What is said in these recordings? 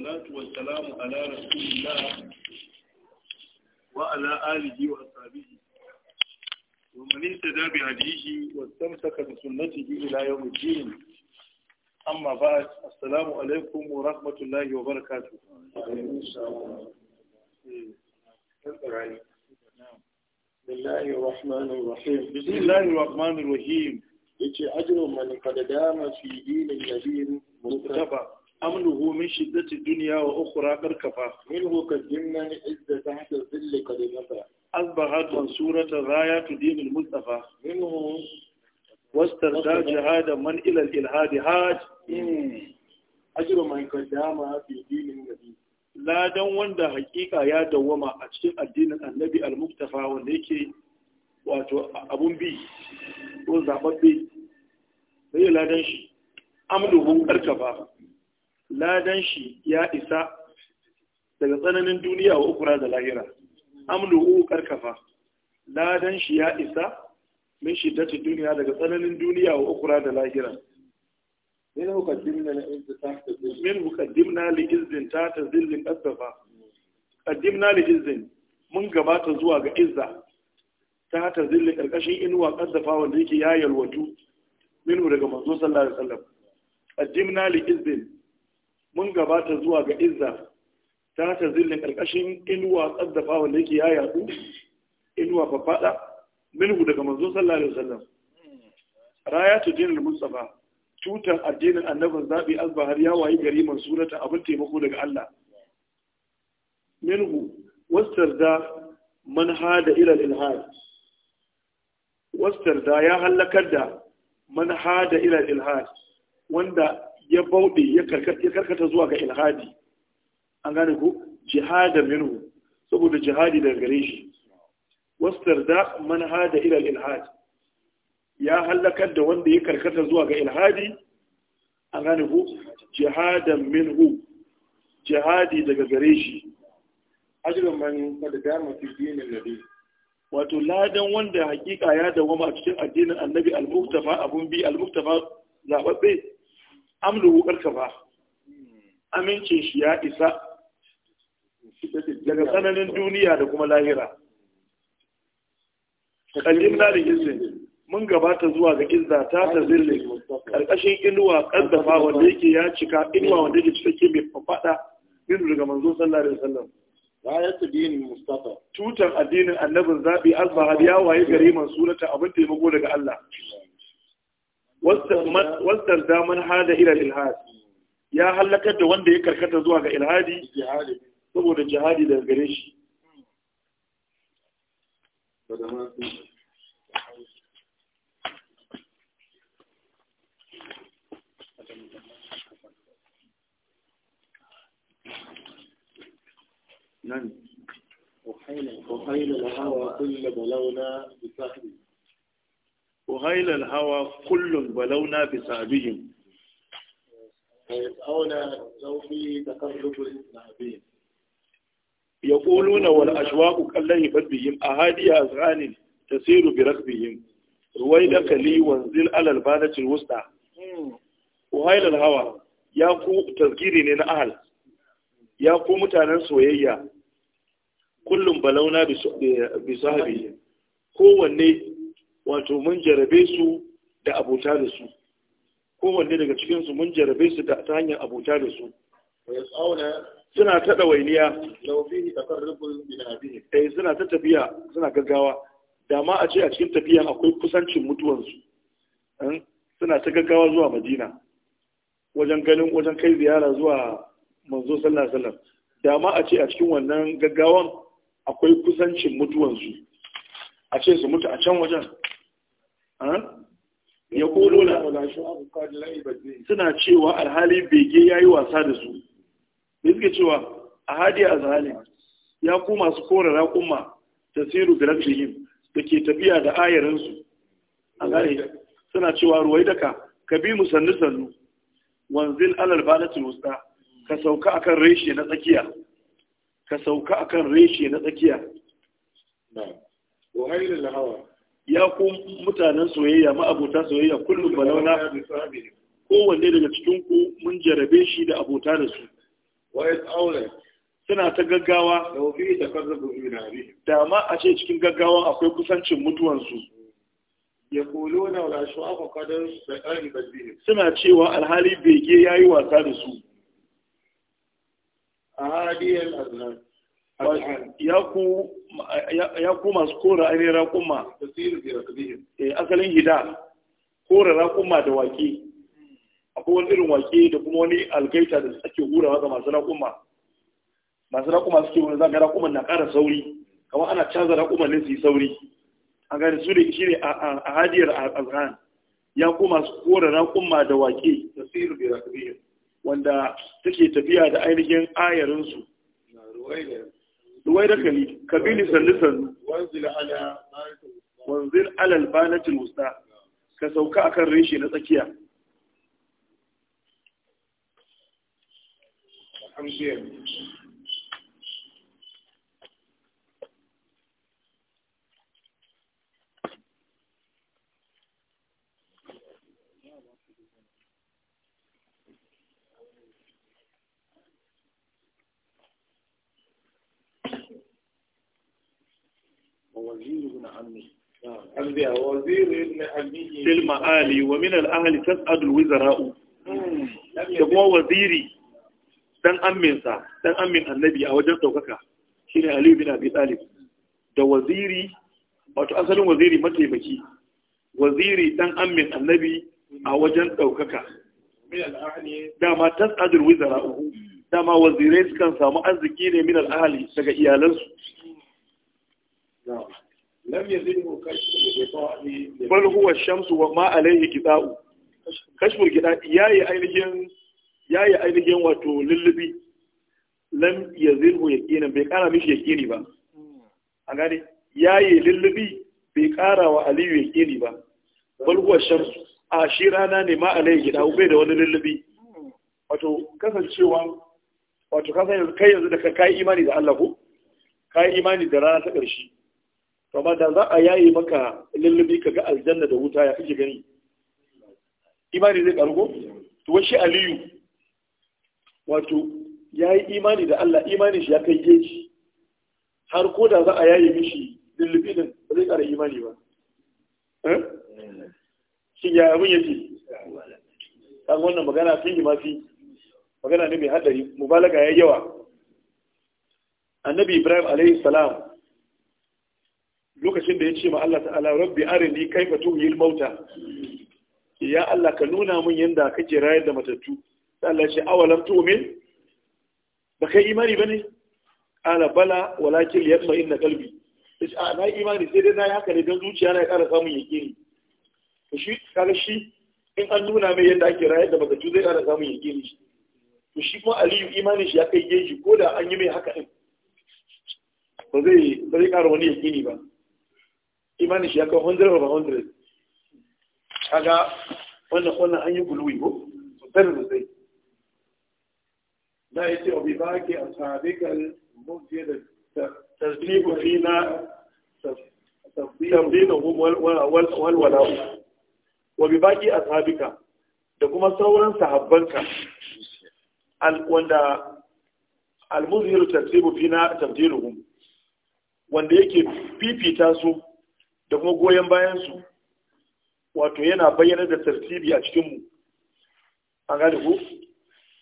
والصلاة والسلام على رسول الله وعلى آله وأصحابه ومن اهتدى بهديه واستمسك بسنته إلى يوم الدين أما بعد السلام عليكم ورحمة الله وبركاته بسم الله الرحمن الرحيم بسم الله الرحمن الرحيم yace ajrun man qad dama fi dinil nabiy amnuhu min shiddati dunya wa ukhra karkafa minhu kadimman izza tahta dhilli kalimata asbahat mansurata ghayatu din al-mustafa minhu wastarda jihada man ila al-ilhad haj ajru man qadama fi dinin nabi ladan wanda hakika ya dawwama a cikin addinin annabi al-muktafa wanda yake wato abun bi ko zababbe sai ladan shi amluhu karkafa ladan shi ya isa daga tsananin duniya wa ukura da lahira amlu'u karkafa ladan shi ya isa min shiddati duniya daga tsananin duniya wa ukura da lahira min hukaddimna li izzin ta min hukaddimna izzin ta zillin qasafa kaddimna li izzin mun gabata zuwa ga izza ta ta zillin karkashin inuwa kasafa wanda yake ya yalwatu Minu daga manzo sallallahu alaihi wasallam qaddimna li izzin mun gabata zuwa ga izza ta ta zillin ƙarƙashin inuwa tsaddafa wanda yake ya yaɗu inuwa faɗaɗa minhu daga manzo sallallahu alaihi wasallam raya ta dinin mustafa tutar addinin annabin zabi albahar ya wayi gari mansurata abin taimako daga Allah minhu wastarda man hada ila ilhad da ya halakar da man hada ila ilhad wanda ya bauɗe ya karkata zuwa ga ilhadi an gane ku jihada minhu saboda jihadi daga gare shi Wasu da man hada ila ilhadi ya hallakar da wanda ya karkata zuwa ga ilhadi an gane ku jihada minhu jihadi daga gare shi ajiyar man kada dama fi dinin nabi wato ladan wanda hakika ya dawama a cikin addinin annabi al-muktafa abun bi al-muktafa zababbe amluhu ba amincin shi ya isa daga tsananin duniya da kuma lahira kallin na da izin mun gabata zuwa ga izza ta ta zille karkashin inuwa kaddafa wanda yake ya cika inuwa wanda yake cikakke mai fafada yin daga manzo sallallahu alaihi wasallam rayatu dinin mustafa tutan addinin annabin zabi azba har ya waye gari surata abin taimako daga Allah wastar daman hada ila ilhad ya halakar da wanda ya karkata zuwa ga ilhadi saboda jihadi daga gare shi nan وحيل الهوى كل بلونا بصاحبه سهيل الهوى كل بلونا هؤلاء بسعبهم يقولون والاشواق كالله بدهم أهادي أزغان تسير برقبهم رويدك لي وانزل على البانة الوسطى وهيل الهوى ya ku tasgiri ne na ahal ya ku mutanen soyayya kullum balauna wato mun jarabe su da abota da su kowanne daga cikinsu mun jarabe su ta hanyar abota da su suna ta ɗawainiya eh suna ta tafiya suna gaggawa da ma a ce a cikin tafiyan akwai kusancin mutuwansu eh, suna ta gaggawa zuwa madina wajen ganin wajen kai ziyara zuwa manzo sallallahu alaihi wasallam da ma a ce a cikin wannan gaggawan akwai kusancin mutuwansu a ce su mutu a can wajen ya kolo na suna cewa alhali bege ya yi wasa da su da suke cewa a hadi a zahali ya koma su kora raƙumma ta siru da rafihim da ke tafiya da ayarinsu a gane suna cewa ruwai daka ka bi musannu sannu sannu alal alal na tunusta ka sauka akan reshe na tsakiya ka sauka akan reshe na tsakiya na da lahawa ya ku mutanen soyayya ma'abota soyayya kullum balauna kowanne daga cikin ku mun jarabe shi da abota da su suna ta gaggawa da ma a ce cikin gaggawa akwai kusancin mutuwansu suna cewa alhali bege ya yi wasa da su a hadiyar ya ku masu kora ainihin raƙumma eh, asalin gida, kora raƙumma da waƙe akwai wani irin waƙe da kuma wani algaita da ake hurawa ga masu raƙumma masu raƙumma suke wani zaga raƙumman na ƙara sauri kama ana canza raƙumman ne su yi sauri a gani su ne shi ne a hajiyar azhan ya ku masu kora raƙumma da waƙe wanda take tafiya da ainihin ayarinsu Ruwai da kali kabili sannu sannu wanzil alal banatil musta ka sauka akan reshe na tsakiya الوزير بن عمه وزير ابن عمه في المعالي ومن الأهل تسعد الوزراء كما وزيري dan amminsa dan amin annabi a wajen daukaka shine Aliyu bin Abi Talib da waziri wato asalin waziri mataimaki waziri dan amin annabi a wajen daukaka dama tasadul wizara'u dama wazirai sukan samu arziki ne min al'ahali daga iyalansu lam bal huwa shamsu wa ma alayhi qita'u kashfur gida yayi ainihin yayi ainihin wato lullubi lam yazidu yaqinan bai kara mishi yaqini ba a gane yayi lullubi bai kara wa aliyu yaqini ba bal huwa shamsu a shi ne ma alayhi gida bai da wani lullubi wato kasancewa wato kasan kai yanzu da kai imani da Allah ko kai imani da rana ta ƙarshe to da za a yaye maka lullubi ka ga aljanna da wuta ya kake gani imani zai kargo to wai shi aliyu wato ya yi imani da Allah imanin shi ya kai geji har ko da za a yaye mishi lullubi din ba zai kara imani ba eh? shi ya mun yake kan wannan magana fi yi mafi magana ne mai haɗari mubalaga ya yawa annabi ibrahim alayhi salam lokacin da ya ce ma Allah ta'ala rabbi arini kaifa al mauta ya Allah ka nuna min yanda kake rayar da matattu Allah ya ce awalam tu'min ba kai imani bane ala bala walakin yatma inna qalbi sai a na imani sai dai na yi haka ne don zuciya na ya ƙara samun yakin to shi kaga shi in an nuna mai yadda ake rayar da matattu zai kara samun yakin shi to shi kuma aliyu imanin shi ya kai geji ko da an yi mai haka din ba zai ba zai kara wani yakini ba imani shi aka kawo 100 over 100 kaga wannan wannan an yi gulwi ko sosai da zai na yi ce obi baki a sabikal mubje da tasbihu fi na tasbihu walwala wabi ke a sabika da kuma sauran sahabbanka wanda almuzhiru tartibu fi na tabdiluhum wanda yake fifita su da kuma goyon bayansu wato yana bayyana da tartibi a cikinmu an gane ku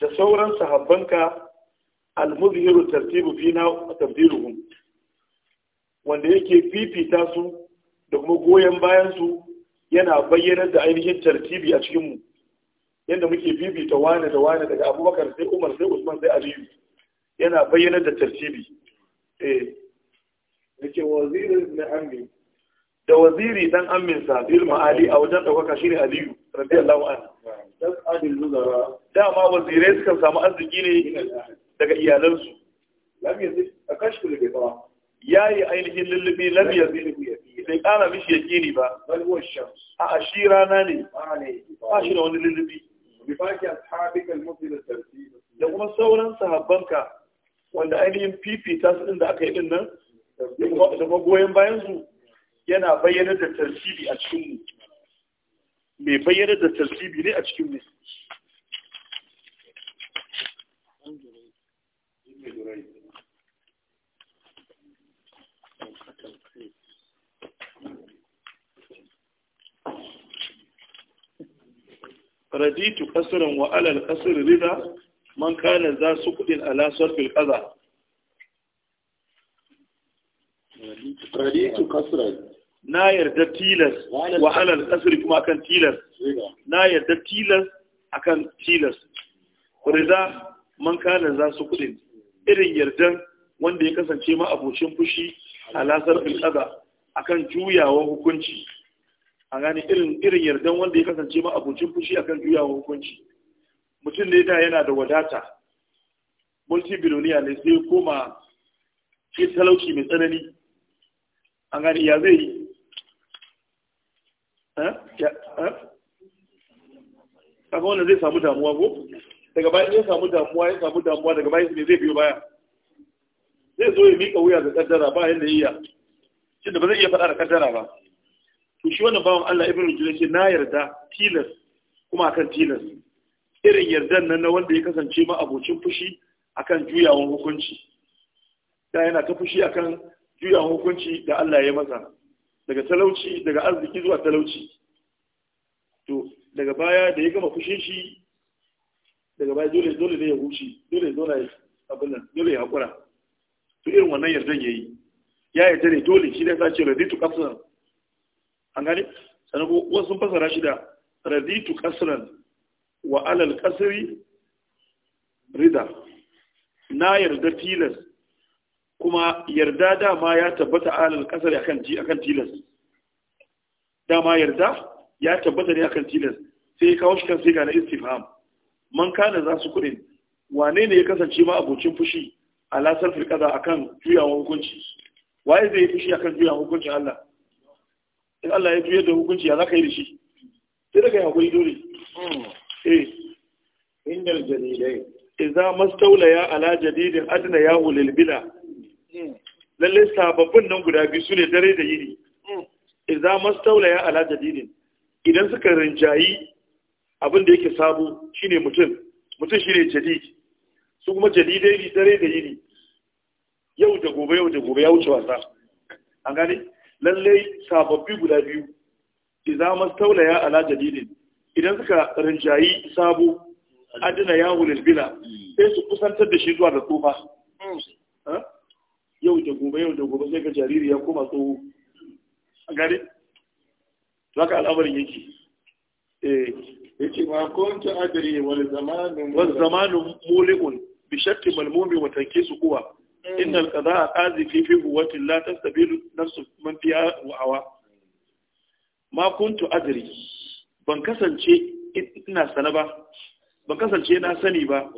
da sauran sahabbanka almuzhiru tartibu fina tabdiluhum wanda yake fifita su da kuma goyon bayansu yana bayyana da ainihin tartibi a cikinmu yadda muke fifita wane da wane daga abubakar sai umar sai usman sai aliyu yana bayyana da tartibi eh da ke wazirin na amin da waziri dan aminsa, bil ma'ali a wajen daukaka shine aliyu radiyallahu anhu dama wazirai suka samu arziki ne daga iyalansu lam yazid akashfu al-ghita yayi ainihin lullubi lam yazid bai kara mishi yakini ba bal huwa shams a ashi rana ne ba shi da wani lullubi bi faki ashabika al-mufid tartib da kuma sauran sahabbanka wanda ainihin fifita su din da aka yi din nan da kuma goyen bayan su yana bayyana da tarsibi a cikin mu mai bayyana da tarsibi ne a cikin mu raditu kasirin wa alal kasir rida man kana za su kudin ala sarfil kaza raditu kasirin na yarda tilas wahalar kasar kuma akan tilas na yarda tilas akan tilas kuriza man kana za su kudin irin yardan wanda ya kasance ma abocin fushi a lasar bilkaza akan juyawa hukunci a gani irin irin yardan wanda ya kasance ma abocin fushi akan juyawa hukunci mutum ne da yana da wadata multi biloniya ne sai koma shi talauci mai tsanani an gani ya zai yi kaga wannan zai samu damuwa ko daga bayan ya samu damuwa ya samu damuwa daga bayan ne zai biyo baya zai zo ya mika wuya ga kaddara ba yanda iya shi da ba zai iya faɗa da kaddara ba to shi wannan bawan Allah ibnu jilal ce na yarda tilas kuma akan tilas irin yardan nan na wanda ya kasance ma abocin fushi akan juyawan hukunci da yana ta fushi akan juyawan hukunci da Allah ya masa daga talauci daga arziki zuwa talauci to daga baya da ya gama fushin shi daga baya dole dole ne ya huce dole dole abin nan dole ya hakura to irin wannan yardan yayi ya yarda ne dole shi da ya ce raditu qasran an gani sanan ko wasu sun fasara shi da raditu qasran wa alal qasri rida na yarda tilas kuma yarda dama ya tabbata alal kasar akan ji akan tilas dama yarda ya tabbata ne akan tilas sai kawo shi kan sai ga na istifham man kana za su kudin wane ne ya kasance ma abocin fushi ala sarfil kaza akan juyawa hukunci waye zai yi fushi akan juyawa hukuncin Allah in Allah ya juyar da hukunci ya zaka yi da shi sai daga hakuri dole eh indal jadidai idza mastaula ya ala jadidin adna ya ulil bila Lallai sababbin nan guda biyu su ne dare da yini hmm. idan mastaula ya ala jadidin idan suka rinjayi abin da yake sabo shine mutum mutum shine jadid su kuma jadidai ne dare da yini yau da gobe yau da gobe ya wuce wasa an gane Lallai sababbi guda biyu idan mastaula ya ala jadidin idan suka rinjayi sabo adina ya wulil bila hmm. sai su kusantar da shi zuwa da tsufa hmm. yau da gobe yau da gobe sai ga jariri ya koma tsoho a gari za ka al'amarin yake eh yace ma kuntu adri wal zamanu wal zamanu muliun bi shakki malmumi wa su kuwa mm. innal qada'a qazifi fi quwwati la tastabilu nafsu man fiha wa'awa ma kuntu adri ban kasance ina sana ba ban kasance na sani ba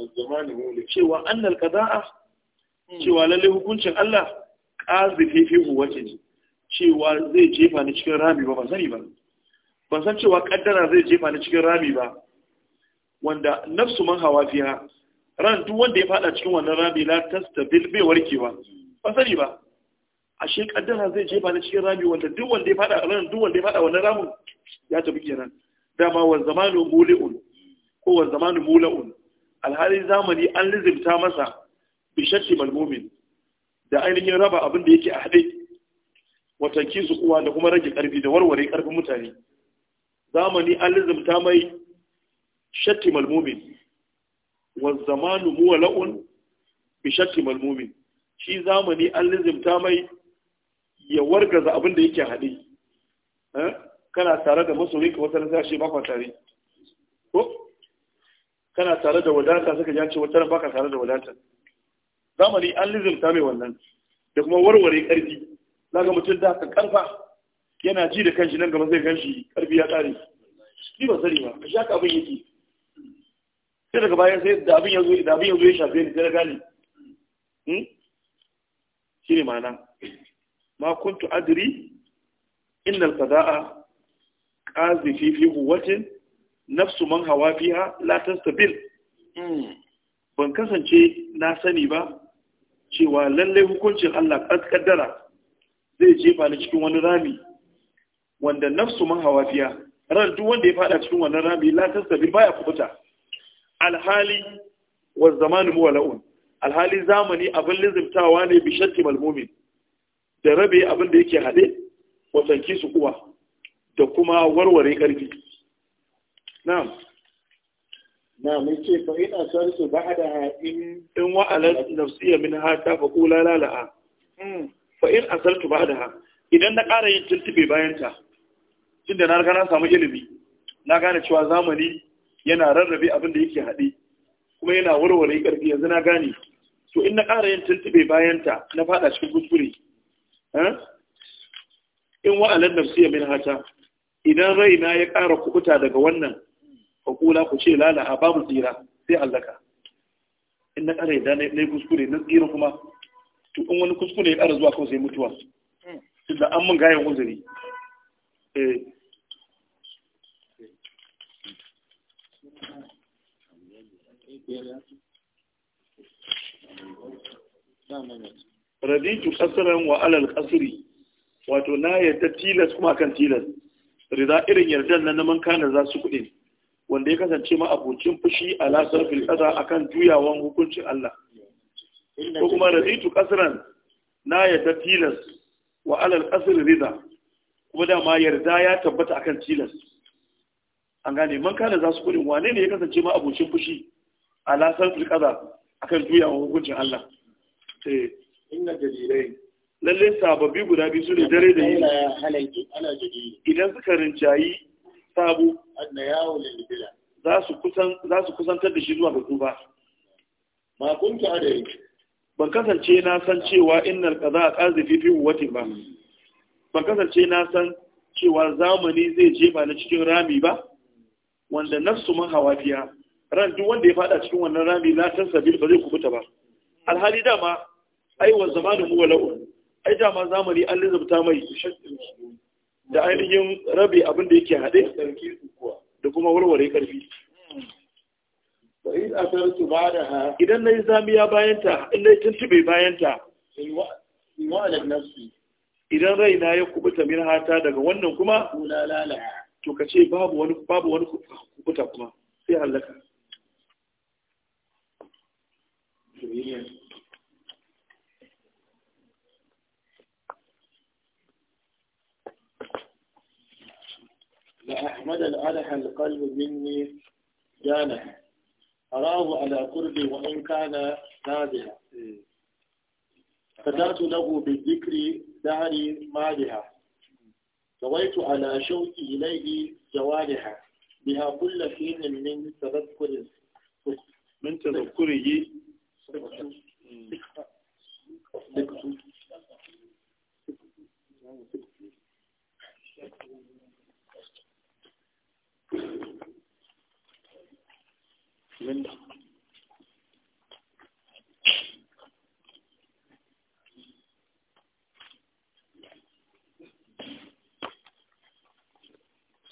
cewa annal qada'a Hmm. cewa lalle hukuncin Allah qazifi fi ce. cewa zai jefa ni cikin rami ba ba sani ba ban san cewa kaddara zai jefa ni cikin rami ba wanda nafsu man hawa fiya ran duk wanda ya fada cikin wannan rami la tastabil bai warke ba. ban sani ba ashe kaddara zai jefa ni cikin rami wanda duk wanda ya fada ran duk wanda ya fada wannan ramin ya tafi kenan dama wa zamanu muli'un ko wa zamanu mula'un alhali zamani an lizimta masa bishakki malmomin da ainihin raba abin da yake a haɗe watanki su kuwa da kuma rage ƙarfi da warware ƙarfin mutane zamani an ta mai shatti malmomin wa zamanu muwa la'un bi shatti malmumin shi zamani an ta mai ya wargaza abin da yake haɗe eh? kana tare da masoyinka wata nasa shi bakwa tare ko kana tare da wadata suka jace wata baka tare da wadata zamani an lizimta mai wannan da kuma warware karfi ga mutum da ka karfa yana ji da kanshi nan gaba zai kanshi karfi ya tsari. shi ba sani ba ka ka abin yake sai daga bayan sai da abin yanzu da abin yanzu ya shafe ni sai na gane hmm? shi ne ma'ana ma kuntu adri inna al-qada'a qazi fi fi quwwatin nafsu man hawa fiha la tastabil hmm. ban kasance na sani ba cewa lallai hukuncin Allah ƙaddara zai jefa ni cikin wani rami wanda nafsu man hawafiya ran duk wanda ya fada cikin wannan rami la tasabi baya kubuta alhali wa zamanu wala'un alhali zamani abin lizimtawa ne bi shatti malmumin da rabe abin da yake hade wa tanki su kuwa da kuma warware karfi na'am na mai ce fa ina son su ba da in in wa'alar nafsiya min hata fa kula lala'a hmm. fa in a sarki ba da idan na ƙara yin tuntube bayanta. ta da na riga na samu ilimi na gane cewa zamani yana rarrabe abin da yake haɗe kuma yana warware ƙarfi yanzu na gane to in na ƙara yin tuntube bayanta na faɗa cikin kuskure eh? in wa'alar nafsiya min hata idan raina ya ƙara kubuta daga wannan fakula ku ce lalaha a babu tsira sai allaka in na ƙara yadda na yi kuskure na tsira kuma to in wani kuskure ya ƙara zuwa kawai sai mutuwa tunda an mun gayan uzuri raditu kasaran wa alal kasiri wato na yadda tilas kuma kan tilas rida irin yardan na man kana za su kuɗi wanda ya kasance ma abincin fushi a lasar filƙasa kan juyawan hukuncin Allah ko kuma raditu ƙasiran na yadda tilas wa alal ƙasir rida kuma dama yarda ya tabbata akan tilas an gane man kana za su kudin wane ne ya kasance ma abincin fushi a lasar filƙasa kan juyawan hukuncin Allah Lallai eh. inna sababbi guda biyu su ne dare da yi idan suka rinjayi Sabu, sabo za su kusantar da shi zuwa ga tuba ma kun ta da ban kasance na san cewa innal qaza qazifi fi wati ba ban kasance na san cewa zamani zai jefa na cikin rami ba wanda nafsu mun hawafiya ran duk wanda ya fada cikin wannan rami la san sabil ba zai kubuta ba alhali dama ai wa zamanu mu wala'u ai dama zamani an lizabta mai da ainihin rabe abin da yake haɗe da kuma warware ƙarfi idan na yi zamiya bayanta in na yi tuntube bayanta idan raina ya kubuta min hata daga wannan kuma to ka ce babu wani kubuta kuma sai hallaka فأحمد الألح القلب مني جانح أراه على قربي وإن كان نادها فتات له بالذكر داري مالها سويت على شوقي إليه جوارحا بها كل حين من تذكر من تذكره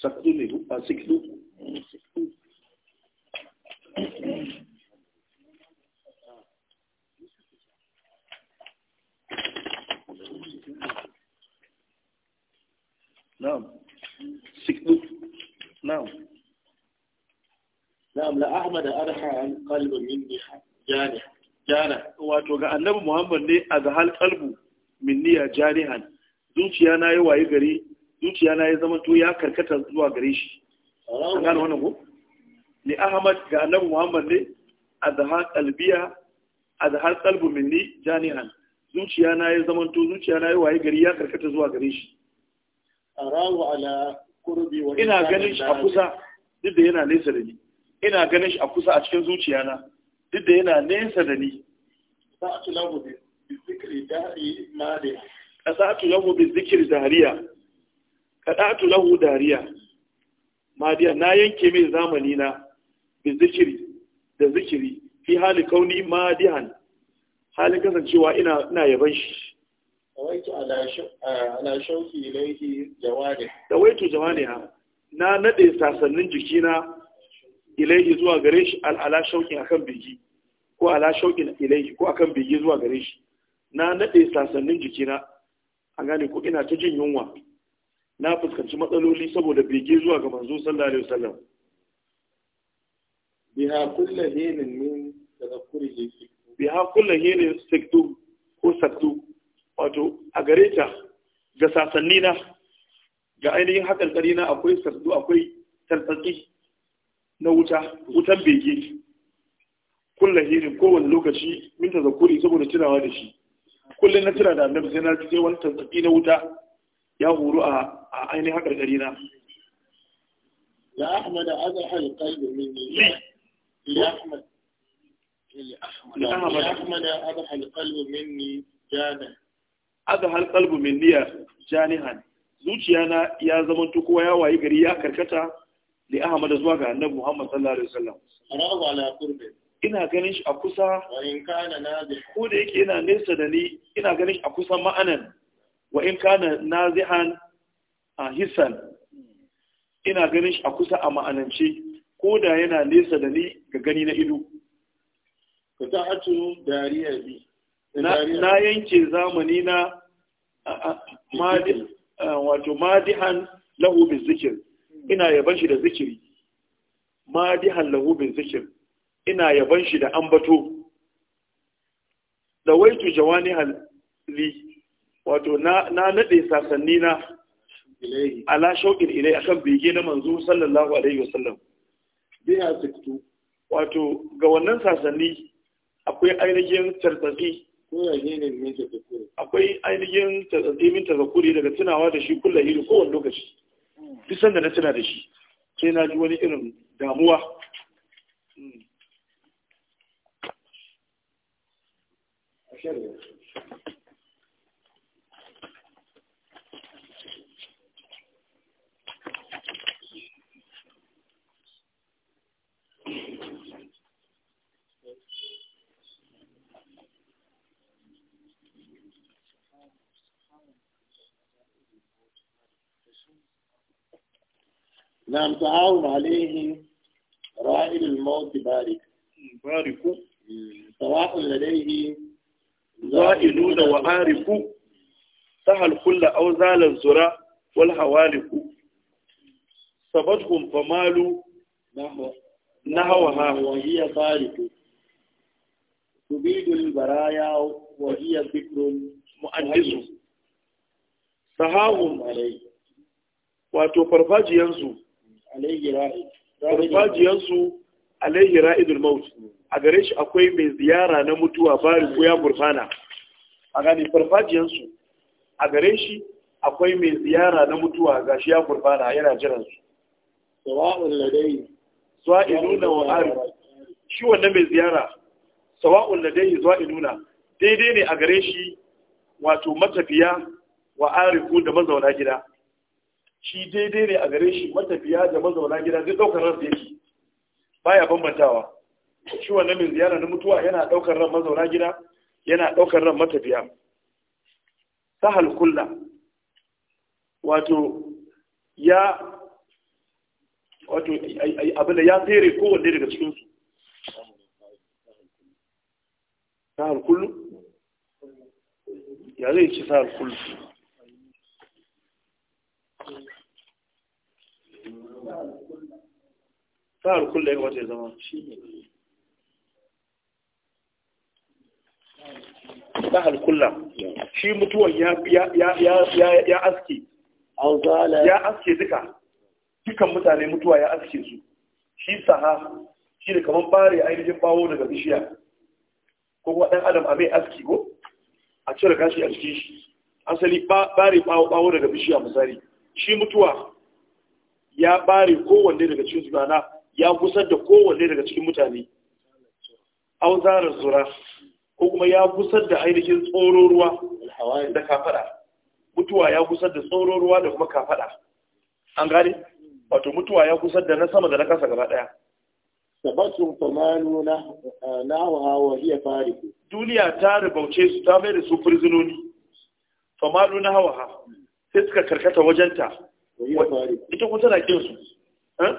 sakdu ne a ah, sikdu na'am sikdu na'am na'am la ahmad arha an qalbi minni jani jana wato ga annabi muhammad ne a qalbu minni ya janihan zuciya na yi waye gari zuciya na yi zama to ya karkata zuwa gare shi an gane wannan ko ni ahmad ga annabi muhammad ne a ga hal qalbiya a qalbu minni janihan zuciya na yi zama to zuciya na yi waye gari ya karkata zuwa gare shi arahu ala ina ganin shi a kusa duk da yana nesa da ni ina ganin shi a kusa a cikin zuciyana duk da yana nesa da ni sa'atu lahu bi zikri dari ka sa'atu lahu dariya madiya na yanke min zamani na bi zikri da zikiri fi hali kauni madihan halin kasancewa ina yaban shi Tawaitu ala shauki ha. Na naɗe sasannin jikina ilaihi zuwa gare shi ala shauki akan bigi ko ala shauki ilaihi ko akan bigi zuwa gare shi. Na naɗe sasannin jikina a gane ko ina ta jin yunwa. Na fuskanci matsaloli saboda biji zuwa ga manzo sallallahu alaihi wasallam. biha kulla hinin min tadakkurihi biha kulla hinin ko sektu wato a gare ta ga sasanni na ga ainihin haƙarƙari na akwai sardu akwai tartsatsi na wuta wutan bege kulla hirin kowane lokaci minta zakuri saboda tunawa da shi kullum na tira da annabi sai na sai wani tartsatsi na wuta ya horo a ainihin gari na ya ahmad azal hal qalbi minni ya ya aga hal kalbu min niyya janihan zuciya na ya zama kowa ya wayi gari ya karkata li ahmad zuwa ga annabi muhammad sallallahu alaihi wasallam rahu ala qurbi ina ganin shi a kusa wa in kana nazih ko da yake ina nesa da ni ina ganin shi a kusa ma'anan wa in kana nazihan a hisan ina ganin shi a kusa a ma'anance ko da yana nesa da ni ga gani na ido ka ta hatu dariya bi na yanke zamani na wato madihan lahu bin zikir ina yaban shi da zikiri madihan lahu bin zikir ina yaban shi da ambato da waitu jawani hali wato na nade sasanni na ala shaukin ilai akan bege na manzo sallallahu alaihi wasallam biya wato ga wannan sasanni akwai ainihin tartsatsi akwai ainihin tsatsimin tazakuri daga tunawa da shi kulla hiri kowane lokaci duk sanda na tuna da shi sai na ji wani irin damuwa hmm. a نعم تعاون عليه رائل الموت بارك بارك سواء لديه زائدون وعارف سهل كل أو زال الزرع والحوالك صبتهم فمالوا نحو نحوها وهي بارك تبيد البرايا وهي ذكر مؤنس سهاهم عليه wato farfajiyansu farfajiyansu Alayhi ra'idul maut a gare shi akwai mai ziyara na mutuwa bari ko ya burfana a gani farfajiyansu a gare shi akwai mai ziyara na mutuwa ga shi ya burfana yana jiran su sawa'un ladai sawa'iluna wa ari shi wannan mai ziyara sawa'un ladai sawa'iluna daidai ne a gare shi wato matafiya wa ariku da mazauna gida shi daidai ne a gare shi matafiya da mazauna gida zai ɗaukar ran yake baya bambantawa shi wannan mai ziyara na mutuwa yana ɗaukar ran mazauna gida yana ɗaukar ran matafiya sahal kulla wato ya wato abin da ya tsere kowanne daga su sahal kullu ya zai ci sahal kullu sa'ar kullum ya zama shi ne sa'ar shi mutuwan ya aske ya aske duka dukan mutane mutuwa ya aske su shi saha shi da kamar bare ainihin bawo daga bishiya ko kuma ɗan adam a mai aski ko a cire gashi a cikin shi asali bare bawo daga bishiya misali shi mutuwa ya bare kowanne daga cikin su na ya gusar da kowanne daga cikin mutane au zarar zura ko kuma ya gusar da ainihin tsoron ruwa da kafada mutuwa ya gusar da tsoron ruwa da kuma kafada an gane wato mutuwa ya gusar da na sama da na kasa gaba daya sabatun famanu na eh, hawa hiya fari. duniya ta rubauce su ta mai da su firzinoni. famanu na hawa sai suka karkata wajenta ita kuma tana kin su eh?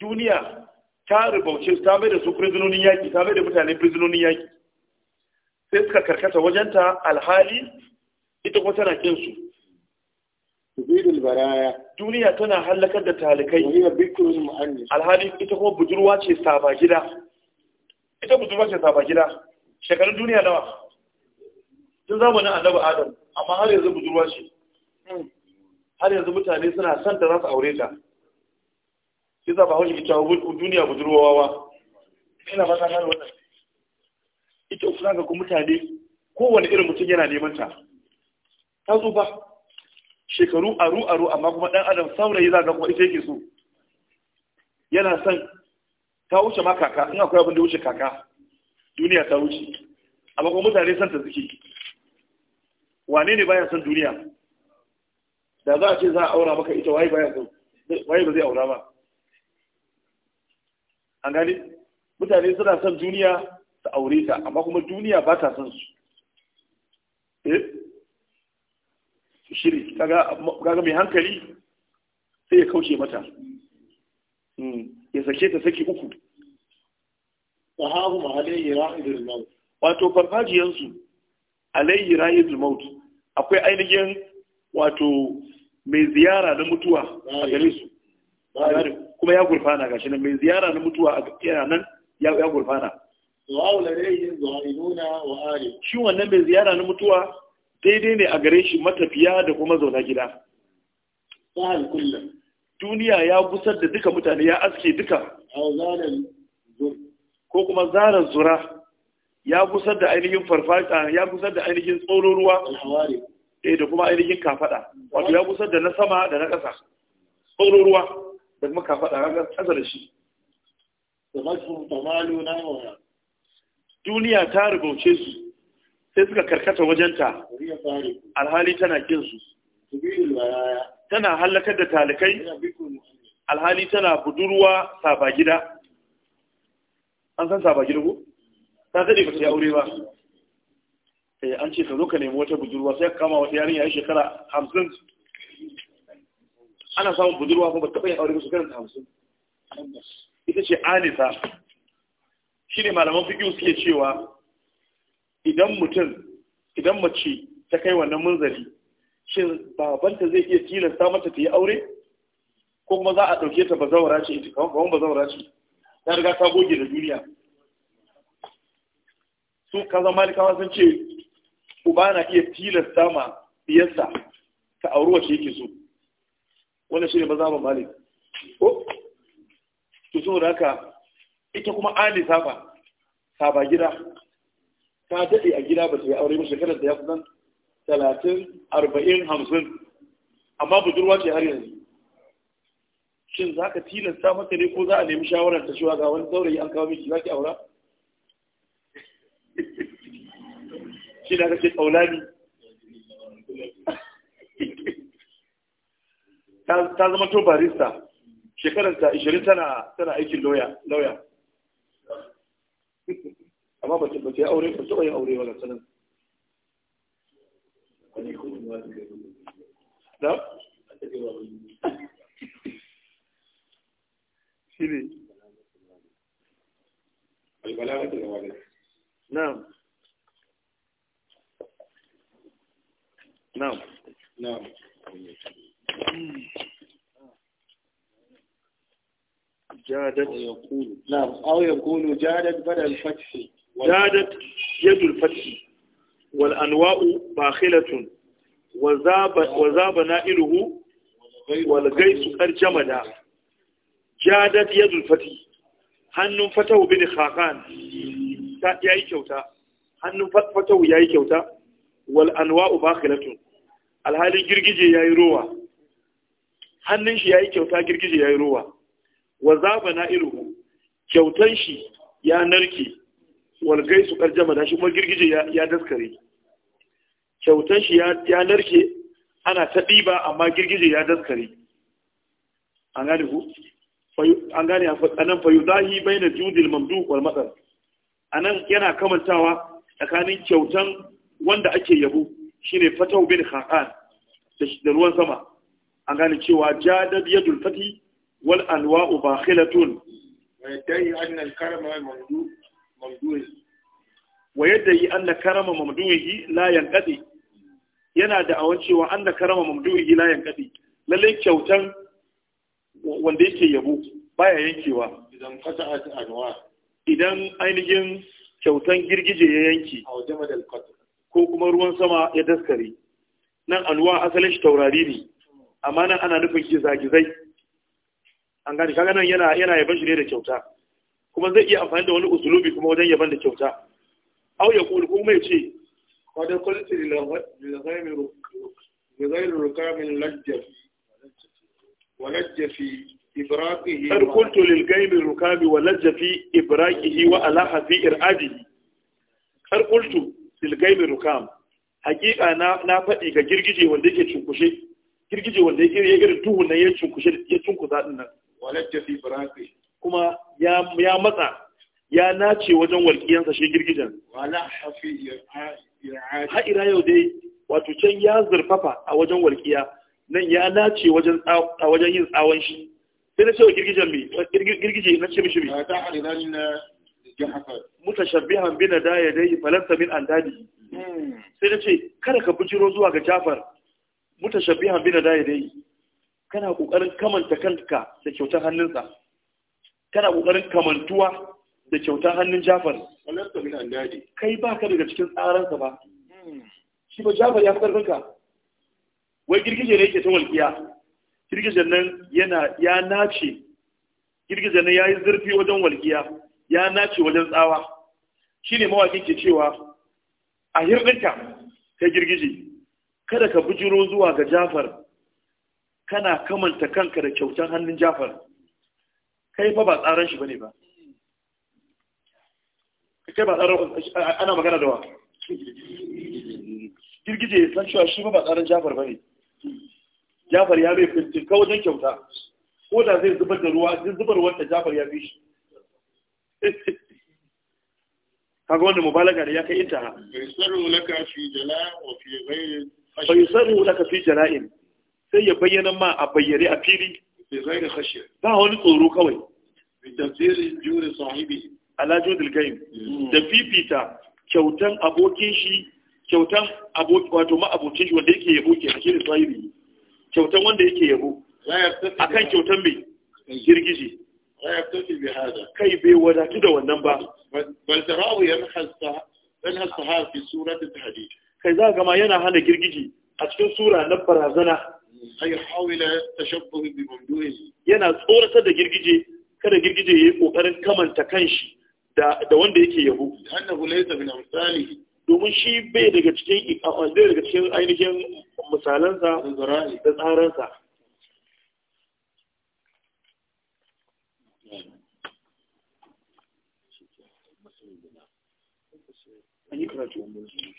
duniya ta rubauce ta mai da su prisonin yaƙi ta mai da mutane prisonin yaƙi sai suka karkata wajenta alhali ita kuma tana kin su baraya duniya tana halakar da talikai alhali ita kuma budurwa ce saba gida ita bujurwa ce saba gida shekarun duniya nawa tun zamanin annabi adam amma har yanzu budurwa ce hmm. har yanzu mutane suna son da za su aure ta shi za ba haushi ki cewa duniya budurwawa ina ba ta gano wannan ita kusa ga mutane kowane irin mutum yana neman ta ta zo ba shekaru aru aru amma kuma dan adam saurayi za ga kuma ita yake so yana son ta wuce ma kaka in akwai abin da wuce kaka duniya ta wuce amma kuma mutane son ta suke wane ne baya son duniya da za a ce za a aura maka ita waye baya son waye ba zai aura ba an gani mutane suna son duniya ta aure ta amma kuma duniya ba ta son su eh shiri kaga mai hankali sai ya kauce mata hmm. ya sake ta saki uku sahabu alayhi ra'idul maut wato farfajiyansu alayhi ra'idul maut akwai ainihin wato mai ziyara na mutuwa a gare su kuma ya gurfana ga shi mai ziyara na mutuwa a yana nan ya gurfana shi wannan mai ziyara na mutuwa daidai ne a gare shi matafiya da kuma zauna gida duniya ya gusar da duka mutane ya aske duka ko kuma zarar zura ya gusar da ainihin farfata ya gusar da ainihin tsoron ruwa eh, da kuma ainihin kafada wato ya gusar da na sama da na ƙasa tsoron ruwa da muka faɗa ga ƙasa da shi da masu tamalu na waya duniya ta rubuce su sai suka karkata wajenta alhali tana kin su tana hallakar da talikai alhali tana budurwa saba gida an san saba gida ko ta daɗe ba ta yi aure ba eh, an ce ka zo ka nemi wata budurwa sai ka kama wata yarinya ya shekara hamsin ana samun budurwa kuma taɓa yin aure ba karanta hamsin ita ce anisa shi ne malaman fikiyu suke cewa idan mutum idan mace ta kai wannan munzali shin babanta zai iya tilasta mata ta yi aure ko kuma za a ɗauke ta bazawara ce ita kawon bazawara ce ta riga ta goge da duniya su kaza malikawa sun ce uba na iya tilasta ma diyarsa ta auruwa ce yake so wannan shi ne mu malik ko to saboda haka ita kuma Ali saba saba gida ta dade a gida ba ta yi aure mu shekarar da ya kusan talatin arba'in hamsin amma budurwa ce har yanzu shin za ka tilasta maka ne ko za a nemi shawarar ta cewa ga wani saurayi an kawo miki za ki aura shi da aka aulani. ta zama to barista ta 20 tana tana aikin lawyer lawyer amma ba ta bace aure ba ta yin aure wala sanan da shine na'am na'am جادت يقول نعم أو يقول جادت بدل فتح جادت يد الفتح والأنواء باخلة وذاب وذاب نائله والغيث أرجمدا جادت يد الفتح hannun fatahu bin khakan ya yi kyauta hannun fatahu ya yi kyauta wal anwa'u bakhilatun alhalin girgije ya yi rowa hannun shi yayi kyauta girgije yayi ruwa wa zaba na'iluhu kyautan shi ya narke wal gaisu karjama da shi kuma girgije ya daskare kyautan shi ya narke ana ta ɗiba amma girgije ya daskare an gane ku an gane a nan fayu zahi bai na judil mamdu wal matsar a nan yana kamantawa tsakanin kyautan wanda ake yabo shine fatau bin khaqan da ruwan sama an gane cewa jadad yadul dulfati wal anwa'u bakhilatun wa yadai anna al karama mamdu karama mamdu'i la yanqadi yana da awan cewa anna karama mamduhi la yanqadi lalle kyautan wanda yake yabo baya yankewa idan qata'at anwa idan ainihin kyautan girgije ya yanki ko kuma ruwan sama ya daskare nan anwa asalin shi taurari ne amma nan ana nufin gizagizai an gani kaga nan yana yana yaban shi ne da kyauta kuma zai iya amfani da wani usulubi kuma wajen yaban da kyauta aw ya qulu kuma yace qad qultu lil ghaymi ruk ghayr rukam lil lajjah walajjah fi ibraqihi qad qultu lil ghaymi rukam wa lajjah fi ibraqihi wa alaha fi irajihi qad qultu lil ghaymi rukam haqiqa na na fadi ga girgije wanda yake cunkushe. girgije wanda ya kirye irin duhun nan ya cunkushe ya cunkusa din nan walajja fi firaqi kuma ya ya matsa ya nace wajen walƙiyansa shi girgijen wala hafi ha ira yau dai wato can ya zurfafa a wajen walƙiya nan ya nace wajen a wajen yin tsawon shi sai na cewa girgijen mai girgije na ce mishi mai mutashabbihan bi na daya dai falansa min andadi hmm. sai na ce kada ka bujiro zuwa ga jafar mutashabbihan bi da yadayhi kana kokarin kamanta kanka da kyautar hannunsa kana kokarin kamantuwa da kyautar hannun Jafar wallahi bin andadi kai ka daga cikin tsaransa ba hmm. shi ba Jafar ya fi karfin ka wai girgije ne yake ta walƙiya girgijen nan yana ya nace girgijen nan yayi zurfi wajen walƙiya ya nace wajen tsawa shine mawaki ke cewa a hirɗinka kai girgije kada ka bujiro zuwa ga Jafar kana kamanta kanka da kyautan hannun Jafar kai fa ba tsaran shi bane ba kai ba tsaran ana magana da wa girgije san cewa shi ba tsaran Jafar bane Jafar ya bai fitin ka wajen kyauta ko da zai zubar da ruwa zai zubar wanda Jafar ya bi shi kaga wannan mubalaga da ya kai intaha yasru laka fi jala wa fi ghayri fa yusarru laka fi jara'in sai ya bayyana ma a bayyane a fili ba wani tsoro kawai bi tafsirin juri sahibi hmm. da fifita kyautan abokin shi kyautan abokin wato ma abokin shi wanda yake yabo ke shi da sahibi kyautan wanda yake yabo A kan kyautan mai hmm. girgije kai bai wadatu da wannan ba bal tarawu fi kai za gama yana hana girgiji a cikin sura na barazana hawila yana tsoratar da girgije kada girgije yi kokarin kamanta kanshi da da wanda yake yabo annahu laysa min domin shi bai daga cikin ainihin misalansa da tsaransa an yi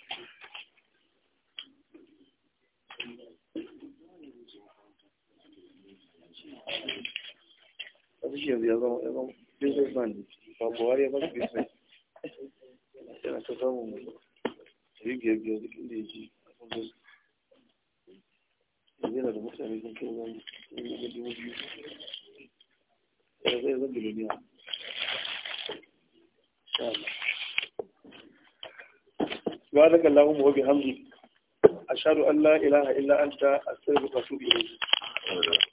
wasu shi yanzu ya zama ya zama business man ba buhari ya zama business yana ta samun ɗari biyar biyar duk yanzu